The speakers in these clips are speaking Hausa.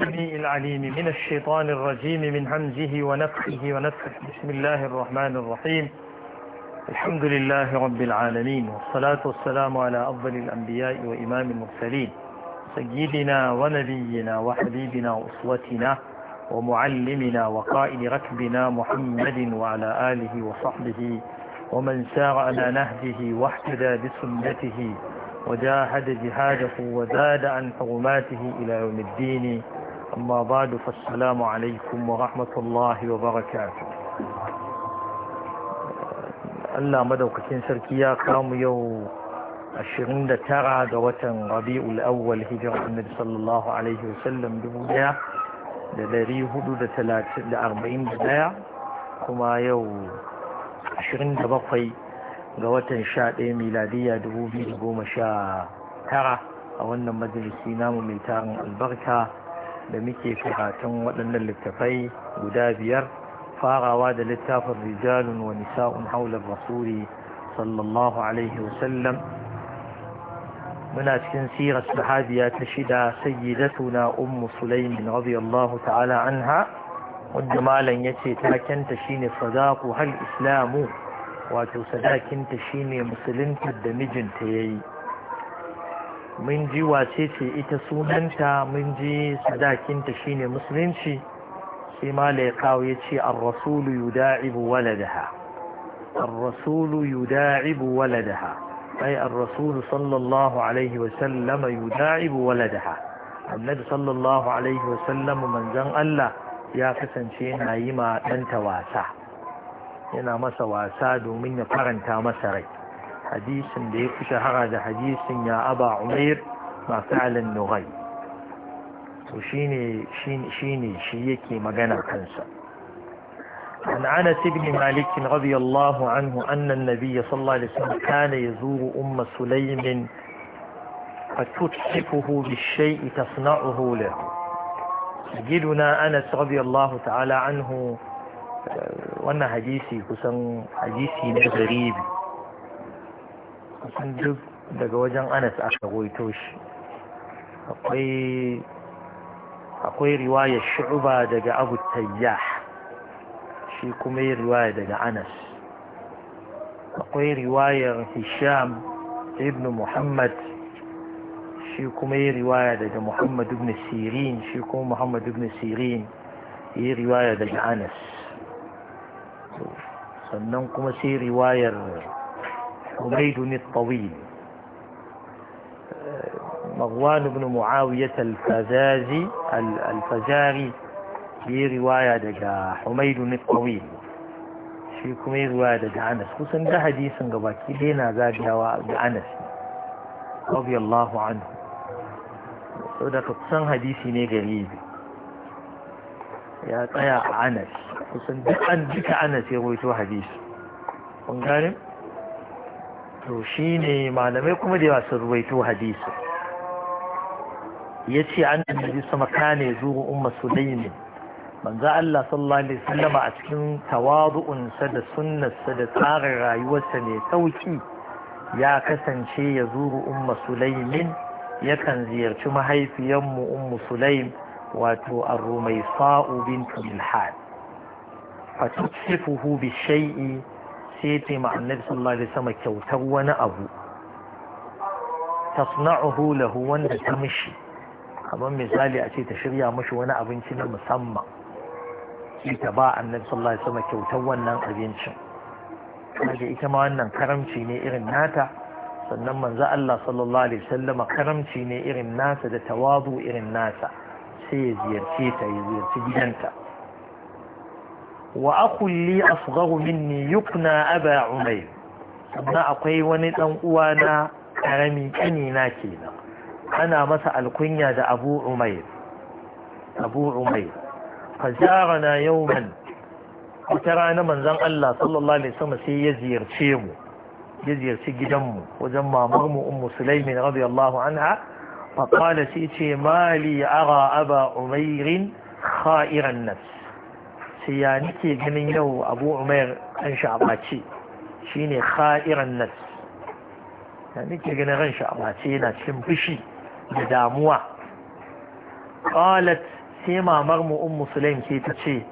السميع العليم من الشيطان الرجيم من همزه ونفخه ونفخه بسم الله الرحمن الرحيم الحمد لله رب العالمين والصلاة والسلام على أفضل الأنبياء وإمام المرسلين سيدنا ونبينا وحبيبنا وأسوتنا ومعلمنا وقائد ركبنا محمد وعلى آله وصحبه ومن سار على نهجه واحتدى بسنته وجاهد جهاده وزاد عن حرماته إلى يوم الدين أما بعد فالسلام عليكم ورحمة الله وبركاته Allah madaukakin sarki ya kamu yau 29 ga watan Rabi'ul Awwal hijirar Annabi sallallahu alaihi wasallam 1441 kuma yau 27 ga watan 11 miladiya 2019 a wannan majalisi namu mai tarin albarka da muke karatun waɗannan littafai guda biyar farawa da littafin rijalun wa nisa'un haular rasuli sallallahu alaihi wasallam muna cikin sirar sahabiya ta shida sayyidatuna ummu sulaimin radiyallahu ta'ala anha wanda malam yace takenta shine fadaku hal islamu wato sadakinta shine musulunta da mijinta yayi mun ji wace ce ita sunanta mun ji sadakinta shine musulunci sai mala ya kawo ya ce ar-rasulu yuda'ibu waladaha ar-rasulu yuda'ibu waladaha ai ar-rasulu sallallahu alaihi wa sallam yuda'ibu waladaha annabi sallallahu alaihi wa sallam manzon Allah ya kasance yana yi ma danta wasa yana masa wasa domin ya faranta masa rai حديث da ya fi يا أبا عمير ما aba umair وشيني شيني شيني شيكي shine shine shi عن انس بن مالك رضي الله عنه أن النبي صلى الله عليه وسلم كان يزور أم سليم فتتحفه بالشيء تصنعه له سيدنا أنس رضي الله تعالى عنه آه، وأن حديثي كسن حديثي غريبي kusan duk daga wajen anas aka goito shi akwai riwaya shu'uba daga abu tayyah shi kuma yi riwaya daga anas akwai riwayar hisham ibn muhammad shi kuma yi riwaya daga muhammad ibn sirin shi kuma muhammad ibn sirin yi riwaya daga anas sannan kuma sai riwayar حميد الطويل مروان بن معاوية الفزازي الفزاري في رواية دجا حميد الطويل shi kuma yi ruwa daga anas kusan da hadisin ga baki dai na zagayawa ga anas radiyallahu anhu sau da kusan hadisi ne garibi ya tsaya anas kusan duka anas ya roito hadisi to shi ne malamai kuma da yawa sun ruwaito hadisi ya ce an annabi sama kane zuwa umma sulaimin manzo Allah sallallahu alaihi wasallam a cikin tawadu'unsa da sunnarsa da tsarin rayuwarsa mai sauki ya kasance ya zuru umma sulaimin yakan ziyarci mahaifiyanmu ummu sulaim wato ar-rumaisa'u bintu milhad fa tusifuhu bi shay'i sai ya ce ma annabi sallallahu alaihi wasallam kyautar wani abu tasna'uhu lahu wanda ta mishi kamar misali a ce ta shirya mishi wani abinci na musamman sai ta ba annabi sallallahu alaihi wasallam kyautar wannan abincin kaje ita ma wannan karamci ne irin nata sannan manzo Allah sallallahu alaihi wasallam karamci ne irin nasa da tawazu irin nasa sai ya ziyarce ta ya ziyarci gidanta wa akun li asgharu minni yukna aba umayr sannan akwai wani dan uwa na karami kani na kenan ana masa alkunya da abu umayr abu umayr fajarana yawman wata rana manzon Allah sallallahu alaihi wasallam sai ya ziyarce mu ya ziyarci gidanmu wajen mamarmu ummu sulaimin radiyallahu anha فقال سيتي ما لي أرى أبا عمير خائر ce ya nike ganin yau abu umar an sha'abace shi ne kha'iran nas ya nike ganin ran sha'abace yana cikin fushi da damuwa ƙalat sai mamar mu musulun ke ta ce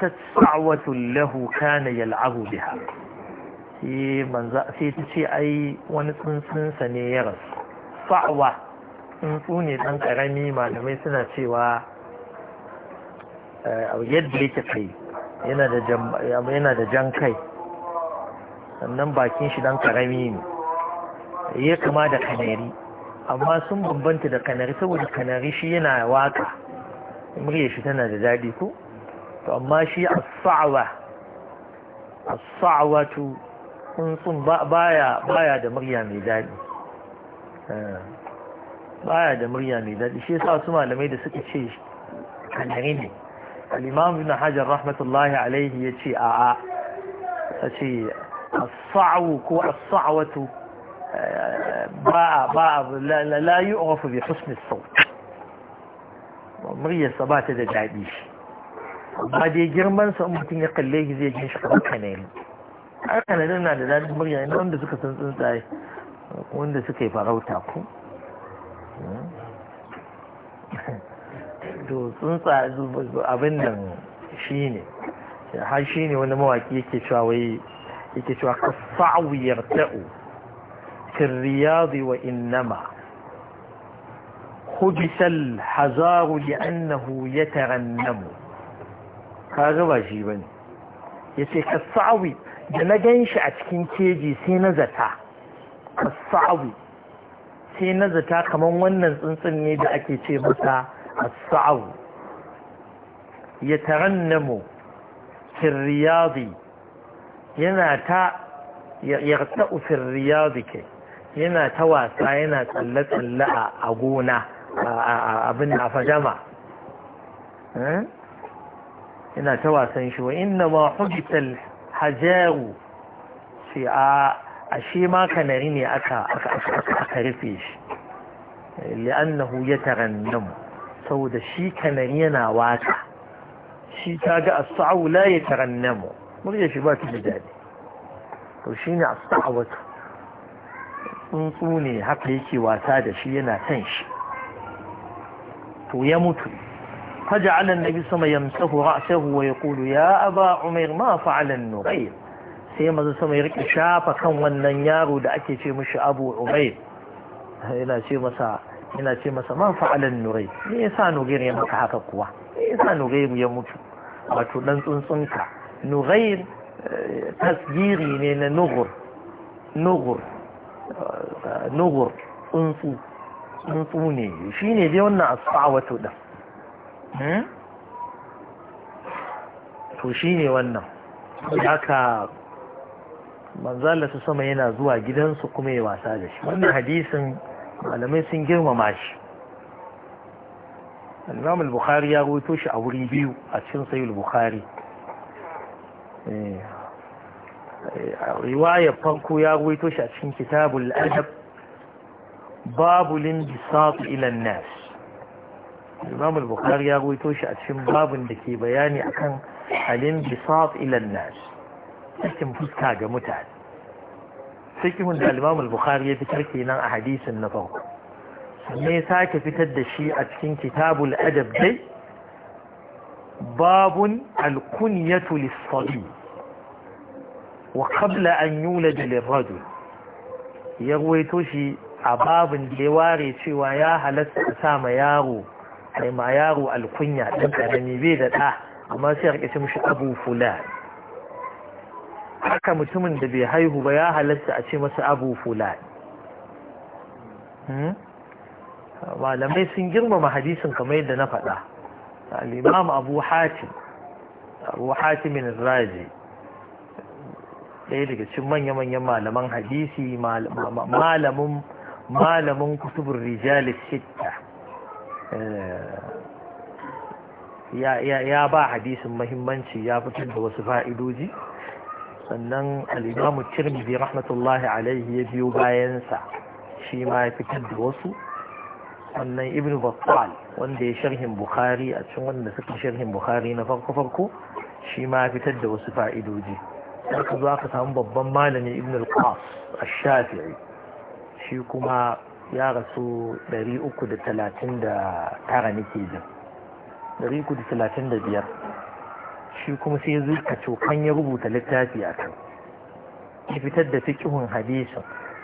ta sa'watun lahu kana yal'abu biha sai ta ce ai wani tsuntsunsa ne ya rasu tsawa tsuntsu ne ɗan ƙarami malamai suna cewa yadda yake kai yana da jan kai sannan bakin shi dan karami ne ya kama da kanari amma sun bambanta da kanari saboda kanari shi yana waka murya shi tana da daɗi ko to amma shi as-sa'wa as-sa'watu tsuntsun baya baya da murya mai daɗi eh, baya da murya mai daɗi shi yasa su malamai da suka ce kanari ne الإمام ابن حجر رحمة الله عليه يتشي آآ الصعو كو الصعوة باء باء لا, لا, لا يؤغف بحسن الصوت مغيّة صباتة دا جاديش ما دي جرمان سأمتين يقل ليه زي انا انا انا انا انا انا انا انا انا انا انا انا انا انا انا hmm to tsuntsa abin nan shi ne har shi ne wani mawaki yake cewa wai yake cewa ka sa'u yarta'u wa innama hujisal hazaru ka gaba shi bane yace ka da na gan shi a cikin keji sai na zata ka sai na zata wannan tsuntsun ne da ake ce masa الصعب يترنم في الرياض يناتا يغتأ في الرياض ينا يناتا واسا ينا تلت اللأ أقونا أبن أفجمع ينا واسا شو إنما حجت الحجاو في أشي ما كان ريني أكا أكا أكا أكا أكا لأنه يترنم saboda shi kanan yana waka shi ta ga asa'u la ya tarannamu murya shi ba ta da daɗi to shi ne asa'awatu tsuntsu ne haka yake wasa da shi yana san shi to ya mutu faja alan nabi sama عليه ya يمسه رأسه ويقول يا أبا عمر ما فعل النغير sai mazu sama ya rike shafa kan wannan yaro da ake ce mishi abu umair yana ce masa yana ce masa man fa'alan nurai me yasa nugair ya maka haka kuwa me yasa nugair ya mutu wato dan tsuntsunka nugair eh, tasgiri ne na nugur nugur eh, nugur tsuntsu tsuntsu ne shi ne dai wannan asfa'a wato din hmm? to shi ne wannan haka manzala su sama yana zuwa gidansu kuma ya wasa da shi wannan hadisin malamai sun girmama shi al-imam al-bukhari ya rawaito shi a wuri biyu a cikin sahih al-bukhari eh, riwaya farko ya rawaito shi a cikin kitabul adab babu lindisat ila nas imam al-bukhari ya rawaito shi a cikin babun da ke bayani akan alin bisat ila an-nas cikin fuska ga mutane fiqhun da Imam al-Bukhari ya fitar kenan a hadisin na farko ne sake fitar da shi a cikin kitabul adab dai babun alkunyatu kunyatu wa qabla an yulad lir ya ruwaito shi a babin da ya ware cewa ya halatta sa ma yaro ai ma yaro alkunya ɗan bai da ɗa amma sai a rike mishi abu fulani haka mutumin da bai haihu ba ya halatta a ce masa abu fulan hmm? malamai sun girmama hadisin kamar yadda na faɗa al'imam abu hatim abu min raji ɗaya daga cikin manya-manyan malaman hadisi malamin malamin kutubun rijalis eh, ya ba hadisin mahimmanci ya fitar da wasu fa'idoji sannan al'imamu tirmidhi rahmatullahi alaihi ya biyo bayansa shi ma ya fitar da wasu sannan ibn battal wanda ya sharhin bukhari a cikin wanda suka sharhin bukhari na farko farko shi ma ya fitar da wasu fa'idoji haka za ka samu babban malami ibn al-qas ash-shafi'i shi kuma ya rasu 339 nake jin 335 shi kuma sai ya ka cokan ya rubuta littafi a kan ya fitar da fiƙihun hadisin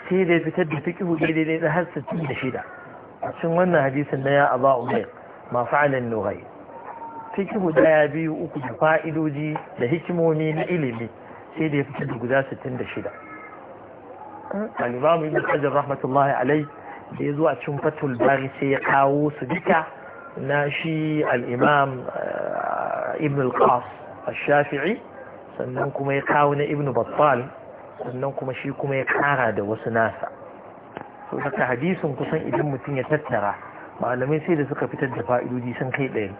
sai da ya fitar da fiƙihu daidai da har sittin da shida a cikin wannan hadisin na ya aba umar ma alin nuhai fiƙihu daya biyu uku da fa'idoji da hikimomi na ilimi sai da ya fitar da guda sittin da shida alibamu ibn hajar rahmatullahi alai da ya zo a cikin fatul bari sai ya kawo su duka na shi al-imam eh, ibn al-qas ash-shafi'i sannan kuma ya kawo na ibnu battal sannan kuma shi kuma ya kara da wasu nasa so haka hadisin kusan idan mutum ya tattara malamai sai da suka fitar da fa'idodi sun kai ɗari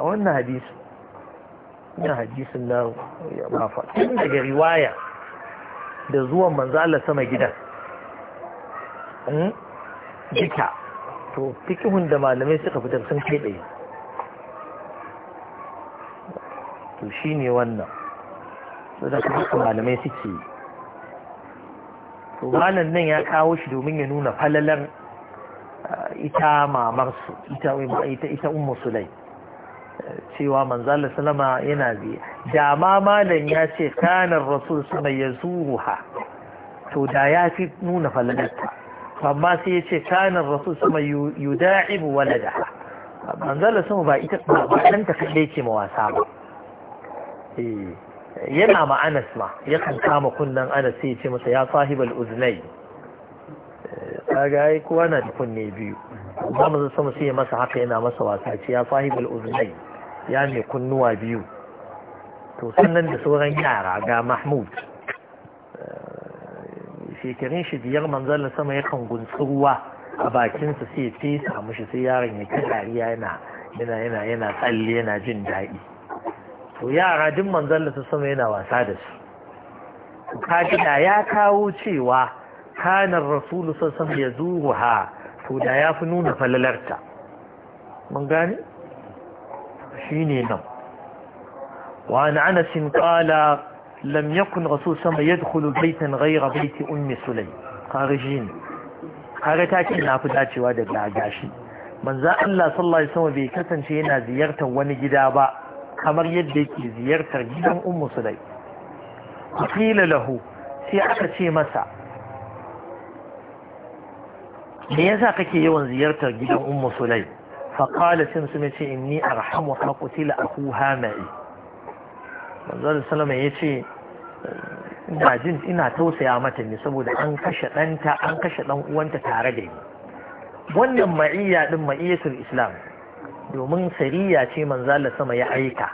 a wannan hadisi ina hadisin na ya mafa tun daga riwaya da zuwan manzo Allah sama gidan duka to fikihun da malamai suka fitar sun kai ɗaya to shi ne wannan su da kuma malamai suke to malam nan ya kawo shi domin ya nuna falalar uh, ita mamarsu ita ita ita ummu sulai cewa manzala salama yana bi da ma malam ya ce kanar rasul sama ya zuruha to da ya fi nuna falalarta amma sai ya ce kanar rasul sama yuda'ibu walada manzala sama ba ita ba ɗanta kaɗai ke mawasa ba Eh, yana ma anas ma ya kan kama kunnen anas sai ce masa ya sahibal uznai eh, kaga ai kowa na da kunne biyu ba mu sama sai masa haka yana masa wasa ce ya sahibal uznai ya ne kunnuwa biyu to sannan da sauran yara ga mahmud eh, shekarun shi biyar manzalin sama yakan gunsu ruwa a bakinsa sai ya fesa mushi sai yaron ya kira yana yana yana yana tsalle yana jin daɗi to yara duk manzon da sama yana wasa da su kajina ya kawo cewa kanar rasulu sun san ya to da ya fi nuna falalarta mun gani shi ne nan wa an anasin kala lam yakun rasul sama ya dukulu baitan gaira baiti ummi sulai kare kare ta na fi dacewa daga gashi manzan allah sallallahu alaihi sama bai kasance yana ziyartar wani gida ba kamar yadda yake ziyartar gidan ummu sulai qila lahu sai aka ce masa me yasa kake yawan ziyartar gidan ummu sulai fa qala sin sun ce inni arhamu fa qutila akuha ma'i manzo sallama yace ina jin ina tausaya mata ne saboda an kashe ɗanta an kashe ɗan uwanta tare da ni wannan ma'iyya din ma'iyyatul islam domin sariya ce manzala sama ya aika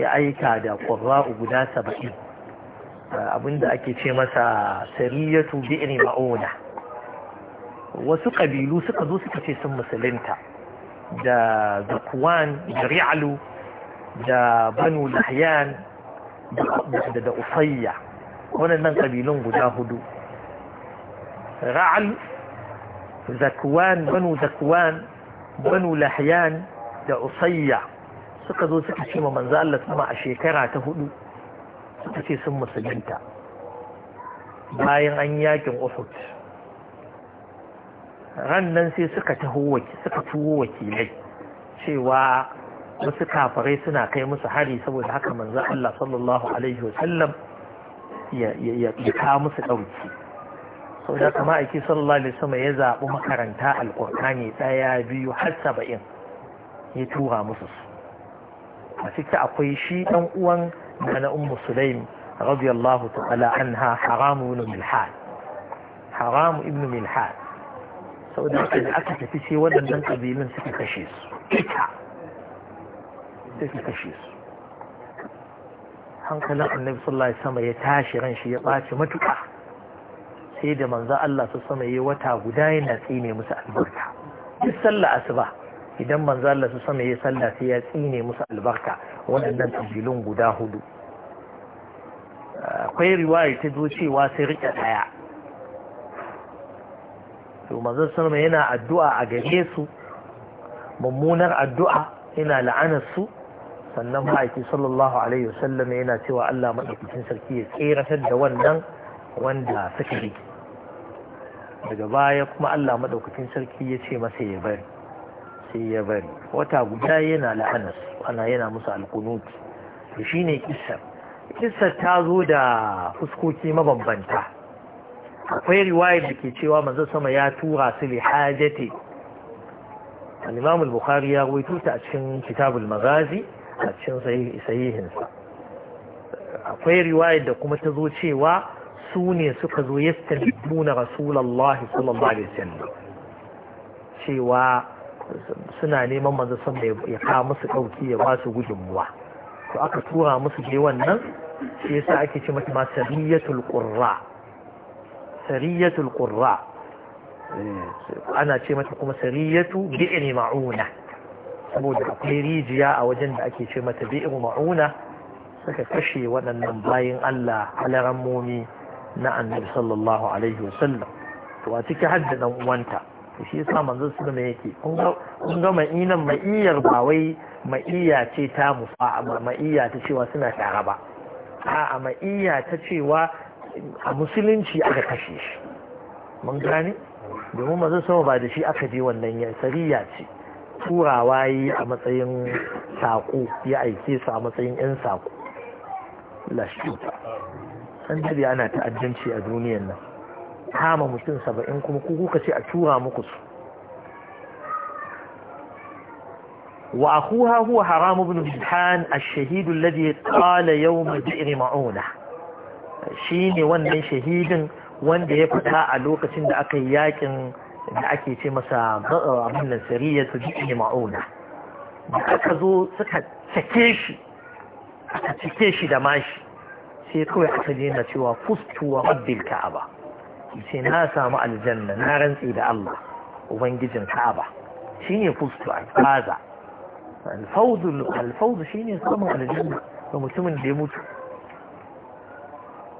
ya aika da ƙwarra'u guda saba'in abinda ake ce masa sariyatu bi'ri ma'una wasu ƙabilu suka zo suka ce sun musulunta da zakuwan da ri'alu da banu lahyan da usayya waɗannan ƙabilun guda hudu ra'al zakuwan banu zakuwan banu lahyan da usayya suka zo suka ce ma manzo Allah sama a shekara ta hudu suka ce sun musulunta bayan an yakin Uhud ran nan sai suka taho suka tuwo wakilai cewa wasu kafirai suna kai musu hari saboda haka manzo Allah sallallahu alaihi wasallam ya ya ya musu dauki sau da kama aiki sallallahu alaihi wasallam ya zaɓi makaranta alƙur'ani ɗaya biyu har saba'in ya tura musu su a ciki akwai shi ɗan uwan na ummu sulaim radiyallahu ta'ala anha haramu ibn milhad haramu ibn milhad sau da aka tafi sai waɗannan ƙabilun suka kashe su ita su kashe su hankalin annabi sallallahu alaihi wasallam ya tashi ran shi ya ɓaci matuƙa sai da manzo Allah su sama yi wata guda yana tsine musu albarka duk sallah asuba idan manzo Allah su sama yi sallah sai ya tsine musu albarka waɗannan tabilun guda hudu akwai riwaya ta zo cewa sai rike daya to manzo sama yana addu'a a gare su mummunar addu'a yana la'anar su sannan ma'aiki sallallahu alaihi wasallam yana cewa Allah maɗaukacin sarki ya tseratar da wannan wanda suka yi daga baya kuma Allah madaukakin sarki ya ce masa ya bari sai ya bari wata guda yana la'anas ana yana musu alkunut to shine kissa kissar ta zo da fuskoki mabambanta akwai riwaya da ke cewa manzo sama ya tura su li hajati al-Imam al-Bukhari ya rawaito ta a cikin Kitabul Maghazi a cikin sahihinsa akwai riwaya da kuma ta zo cewa su ne suka zo yastanbuna na sallallahu alaihi wasallam cewa suna neman manzo sun ya kawo musu dauki ya ba su gudunmuwa to aka tura musu dai wannan shi yasa ake ce mata ma sariyatul qurra sariyatul qurra eh, ana ce mata kuma sariyatu bi'ri ma'una saboda akwai rijiya a wajen da ake ce mata bi'ri ma'una suka kashe waɗannan bayin Allah alaran na annabi sallallahu alaihi wasallam to a ciki hadda dan uwanta to shi yasa manzon ne yake kun ga ma'inan ma'iyar ba wai ma'iya ce ta mufa? musa ma'iya ta cewa suna tare ba a'a ma'iya ta cewa a musulunci aka kashe shi mun gane domin mazan sama ba da shi aka je wannan ya sariya ce turawa yi a matsayin sako ya aike su a matsayin 'yan saƙo lashuta an daɗe ana ta'addanci a duniyan nan kama mutum saba'in kuma ko kuka ce a tura muku su wa akuha huwa haram ibn bidhan ash-shahid alladhi qala yawm bi'r ma'una shine wannan shahidin wanda ya fita a lokacin da aka yi yakin da ake ce masa uh, abin nan sariya su bi'r ma'una da aka zo suka cike shi aka cike shi da mashi سيكو يحفجين شوى فست ورب الكعبة سناسا مع الجنة نارا إلى الله وفنجز الكعبة شيني فست هذا الفوز الفوز شيني سما الجنة ومسلم ديموت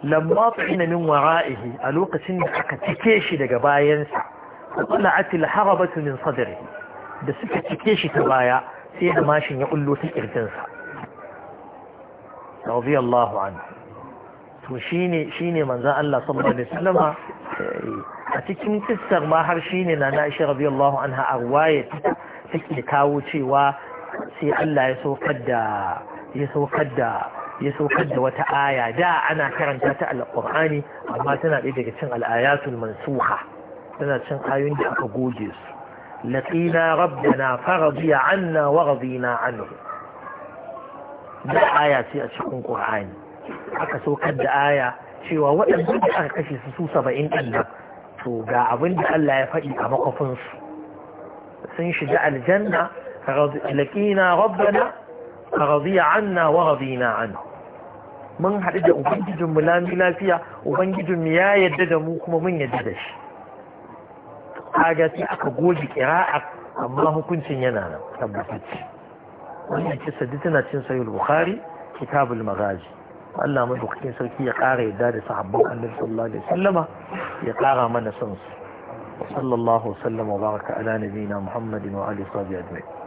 لما طحن من ورائه ألوق سنة كتكيشي لقباين وطلعت الحربة من صدره بس كتكيشي تبايا سيها ماشي يقول له تنسى رضي الله عنه to shine shine manzon Allah sallallahu alaihi wasallam eh, a cikin kissar ma har shine na Aisha radiyallahu anha a ruwaya take kawo cewa sai Allah ya saukar da ya saukar da ya saukar da wata aya da ana karanta ta alqur'ani amma tana ɗaya daga cin al'ayatul mansuha tana cin ayoyin da aka goge su لقينا ربنا فرضي عنا ورضينا da aya ce a cikin qur'ani. aka saukar da aya cewa waɗanda aka kashe su su saba'in ɗin nan to ga abin da Allah ya faɗi a makwafinsu sun shiga aljanna laƙina rabbana radiya anna wa radina anhu mun haɗu da ubangijin mu lami lafiya ubangijin mu ya yadda da mu kuma mun yadda da shi kaga sai aka goge ƙira'a amma hukuncin yana nan tabbatacce wannan kisa duk tana cin sayul bukhari kitabul Magaji. Allah madaukakin sarki ya ƙara yadda da sahabban annabi sallallahu alaihi wasallama ya ƙara mana son su sallallahu alaihi wasallam wa baraka ala nabiyina muhammadin wa alihi wa sahbihi ajma'in